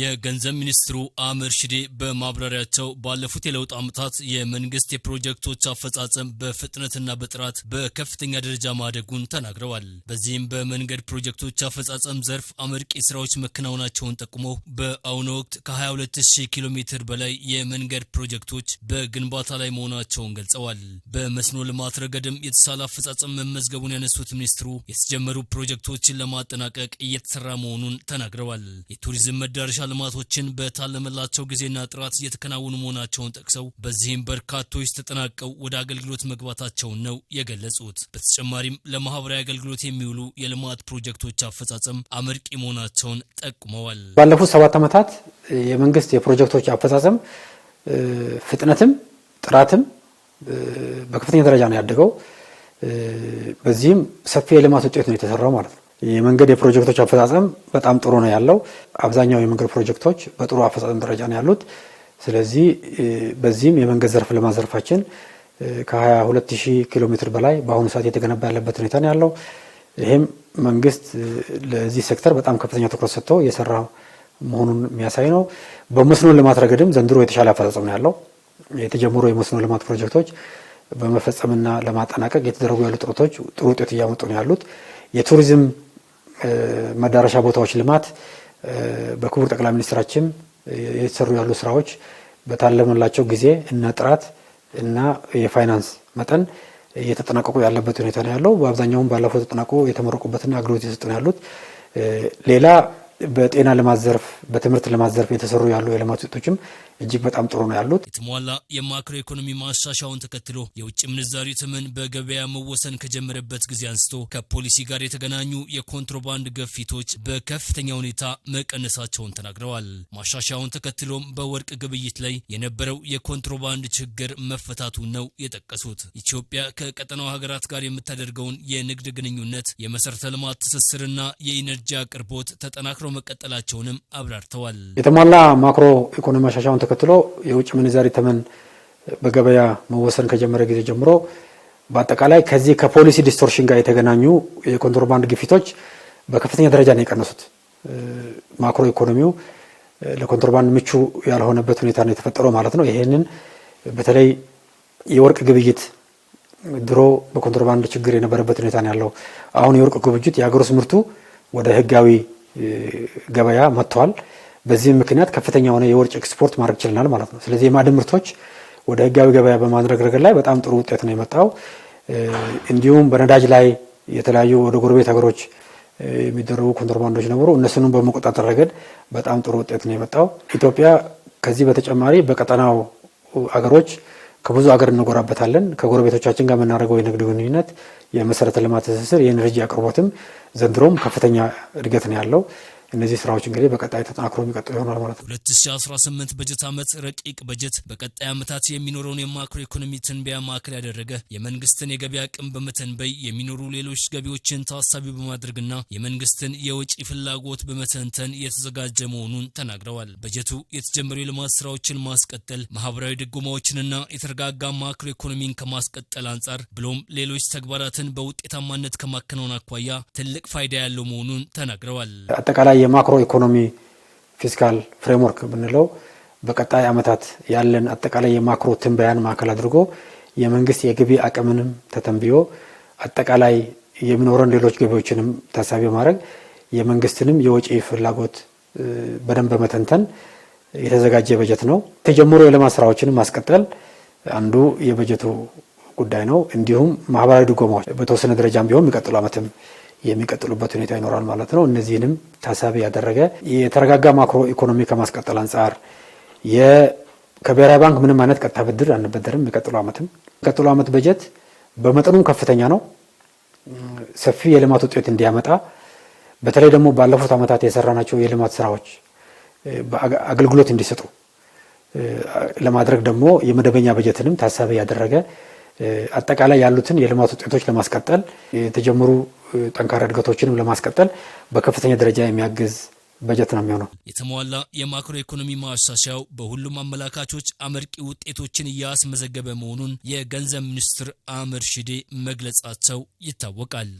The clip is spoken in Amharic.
የገንዘብ ሚኒስትሩ አህመድ ሽዴ በማብራሪያቸው ባለፉት የለውጥ ዓመታት የመንግስት የፕሮጀክቶች አፈጻጸም በፍጥነትና በጥራት በከፍተኛ ደረጃ ማደጉን ተናግረዋል። በዚህም በመንገድ ፕሮጀክቶች አፈጻጸም ዘርፍ አመርቂ ስራዎች መከናወናቸውን ጠቁሞ በአሁኑ ወቅት ከ 22000 ኪሎ ሜትር በላይ የመንገድ ፕሮጀክቶች በግንባታ ላይ መሆናቸውን ገልጸዋል። በመስኖ ልማት ረገድም የተሳለ አፈጻጸም መመዝገቡን ያነሱት ሚኒስትሩ የተጀመሩ ፕሮጀክቶችን ለማጠናቀቅ እየተሰራ መሆኑን ተናግረዋል። የቱሪዝም መዳረሻ ልማቶችን በታለመላቸው ጊዜና ጥራት እየተከናወኑ መሆናቸውን ጠቅሰው በዚህም በርካቶች ተጠናቀው ወደ አገልግሎት መግባታቸውን ነው የገለጹት። በተጨማሪም ለማህበራዊ አገልግሎት የሚውሉ የልማት ፕሮጀክቶች አፈጻጸም አመርቂ መሆናቸውን ጠቁመዋል። ባለፉት ሰባት ዓመታት የመንግስት የፕሮጀክቶች አፈጻጸም ፍጥነትም ጥራትም በከፍተኛ ደረጃ ነው ያደገው። በዚህም ሰፊ የልማት ውጤት ነው የተሰራው ማለት ነው። የመንገድ የፕሮጀክቶች አፈጻጸም በጣም ጥሩ ነው ያለው። አብዛኛው የመንገድ ፕሮጀክቶች በጥሩ አፈጻጸም ደረጃ ነው ያሉት። ስለዚህ በዚህም የመንገድ ዘርፍ ልማት ዘርፋችን ከ22 ሺህ ኪሎ ሜትር በላይ በአሁኑ ሰዓት የተገነባ ያለበት ሁኔታ ነው ያለው። ይህም መንግስት ለዚህ ሴክተር በጣም ከፍተኛ ትኩረት ሰጥቶ የሰራ መሆኑን የሚያሳይ ነው። በመስኖ ልማት ረገድም ዘንድሮ የተሻለ አፈጻጸም ነው ያለው። የተጀመሩ የመስኖ ልማት ፕሮጀክቶች በመፈጸምና ለማጠናቀቅ የተደረጉ ያሉ ጥረቶች ጥሩ ውጤት እያመጡ ነው ያሉት። የቱሪዝም መዳረሻ ቦታዎች ልማት በክቡር ጠቅላይ ሚኒስትራችን የተሰሩ ያሉ ስራዎች በታለመላቸው ጊዜ እና ጥራት እና የፋይናንስ መጠን እየተጠናቀቁ ያለበት ሁኔታ ነው ያለው። በአብዛኛውም ባለፈው ተጠናቆ የተመረቁበትና አገልግሎት እየሰጡ ነው ያሉት። ሌላ በጤና ልማት ዘርፍ፣ በትምህርት ልማት ዘርፍ የተሰሩ ያሉ የልማት ውጤቶችም እጅግ በጣም ጥሩ ነው ያሉት። የተሟላ የማክሮ ኢኮኖሚ ማሻሻውን ተከትሎ የውጭ ምንዛሪ ተመን በገበያ መወሰን ከጀመረበት ጊዜ አንስቶ ከፖሊሲ ጋር የተገናኙ የኮንትሮባንድ ግፊቶች በከፍተኛ ሁኔታ መቀነሳቸውን ተናግረዋል። ማሻሻውን ተከትሎም በወርቅ ግብይት ላይ የነበረው የኮንትሮባንድ ችግር መፈታቱን ነው የጠቀሱት። ኢትዮጵያ ከቀጠናው ሀገራት ጋር የምታደርገውን የንግድ ግንኙነት፣ የመሰረተ ልማት ትስስርና የኢነርጂ አቅርቦት ተጠናክረው መቀጠላቸውንም አብራርተዋል። የተሟላ ማክሮ ኢኮኖሚ ማሻሻውን ተከትሎ የውጭ ምንዛሪ ተመን በገበያ መወሰን ከጀመረ ጊዜ ጀምሮ በአጠቃላይ ከዚህ ከፖሊሲ ዲስቶርሽን ጋር የተገናኙ የኮንትሮባንድ ግፊቶች በከፍተኛ ደረጃ ነው የቀነሱት። ማክሮ ኢኮኖሚው ለኮንትሮባንድ ምቹ ያልሆነበት ሁኔታ ነው የተፈጠረው ማለት ነው። ይህንን በተለይ የወርቅ ግብይት ድሮ በኮንትሮባንድ ችግር የነበረበት ሁኔታ ነው ያለው። አሁን የወርቅ ግብይት የሀገር ውስጥ ምርቱ ወደ ህጋዊ ገበያ መጥተዋል። በዚህም ምክንያት ከፍተኛ የሆነ የወርጭ ኤክስፖርት ማድረግ ችለናል ማለት ነው። ስለዚህ የማዕድን ምርቶች ወደ ህጋዊ ገበያ በማድረግ ረገድ ላይ በጣም ጥሩ ውጤት ነው የመጣው። እንዲሁም በነዳጅ ላይ የተለያዩ ወደ ጎረቤት ሀገሮች የሚደረጉ ኮንትሮባንዶች ነበሩ። እነሱንም በመቆጣጠር ረገድ በጣም ጥሩ ውጤት ነው የመጣው። ኢትዮጵያ ከዚህ በተጨማሪ በቀጠናው አገሮች ከብዙ አገር እንጎራበታለን። ከጎረቤቶቻችን ጋር የምናደርገው የንግድ ግንኙነት፣ የመሰረተ ልማት ትስስር፣ የኤነርጂ አቅርቦትም ዘንድሮም ከፍተኛ እድገት ነው ያለው። እነዚህ ስራዎች እንግዲህ በቀጣይ ተጠናክሮ የሚቀጥ ይሆናል ማለት ነው። 2018 በጀት ዓመት ረቂቅ በጀት በቀጣይ ዓመታት የሚኖረውን የማክሮ ኢኮኖሚ ትንበያ ማዕከል ያደረገ የመንግስትን የገቢ አቅም በመተንበይ የሚኖሩ ሌሎች ገቢዎችን ታሳቢ በማድረግና የመንግስትን የውጪ ፍላጎት በመተንተን የተዘጋጀ መሆኑን ተናግረዋል። በጀቱ የተጀመሩ የልማት ስራዎችን ማስቀጠል፣ ማህበራዊ ድጎማዎችንና የተረጋጋ ማክሮ ኢኮኖሚን ከማስቀጠል አንጻር ብሎም ሌሎች ተግባራትን በውጤታማነት ከማከናወን አኳያ ትልቅ ፋይዳ ያለው መሆኑን ተናግረዋል። የማክሮ ኢኮኖሚ ፊስካል ፍሬምወርክ ብንለው በቀጣይ ዓመታት ያለን አጠቃላይ የማክሮ ትንበያን ማዕከል አድርጎ የመንግስት የገቢ አቅምንም ተተንብዮ አጠቃላይ የሚኖረን ሌሎች ገቢዎችንም ታሳቢ በማድረግ የመንግስትንም የወጪ ፍላጎት በደንብ መተንተን የተዘጋጀ በጀት ነው። ተጀምሮ የልማት ስራዎችንም ማስቀጠል አንዱ የበጀቱ ጉዳይ ነው። እንዲሁም ማህበራዊ ድጎማዎች በተወሰነ ደረጃም ቢሆን የሚቀጥሉ ዓመትም የሚቀጥሉበት ሁኔታ ይኖራል ማለት ነው። እነዚህንም ታሳቢ ያደረገ የተረጋጋ ማክሮ ኢኮኖሚ ከማስቀጠል አንጻር ከብሔራዊ ባንክ ምንም አይነት ቀጥታ ብድር አንበደርም። የሚቀጥለው ዓመትም የሚቀጥለው ዓመት በጀት በመጠኑም ከፍተኛ ነው። ሰፊ የልማት ውጤት እንዲያመጣ በተለይ ደግሞ ባለፉት ዓመታት የሰራናቸው የልማት ስራዎች አገልግሎት እንዲሰጡ ለማድረግ ደግሞ የመደበኛ በጀትንም ታሳቢ ያደረገ አጠቃላይ ያሉትን የልማት ውጤቶች ለማስቀጠል የተጀመሩ ጠንካራ እድገቶችንም ለማስቀጠል በከፍተኛ ደረጃ የሚያግዝ በጀት ነው የሚሆነው። የተሟላ የማክሮ ኢኮኖሚ ማሻሻያው በሁሉም አመላካቾች አመርቂ ውጤቶችን እያስመዘገበ መሆኑን የገንዘብ ሚኒስትር አህመድ ሺዴ መግለጻቸው ይታወቃል።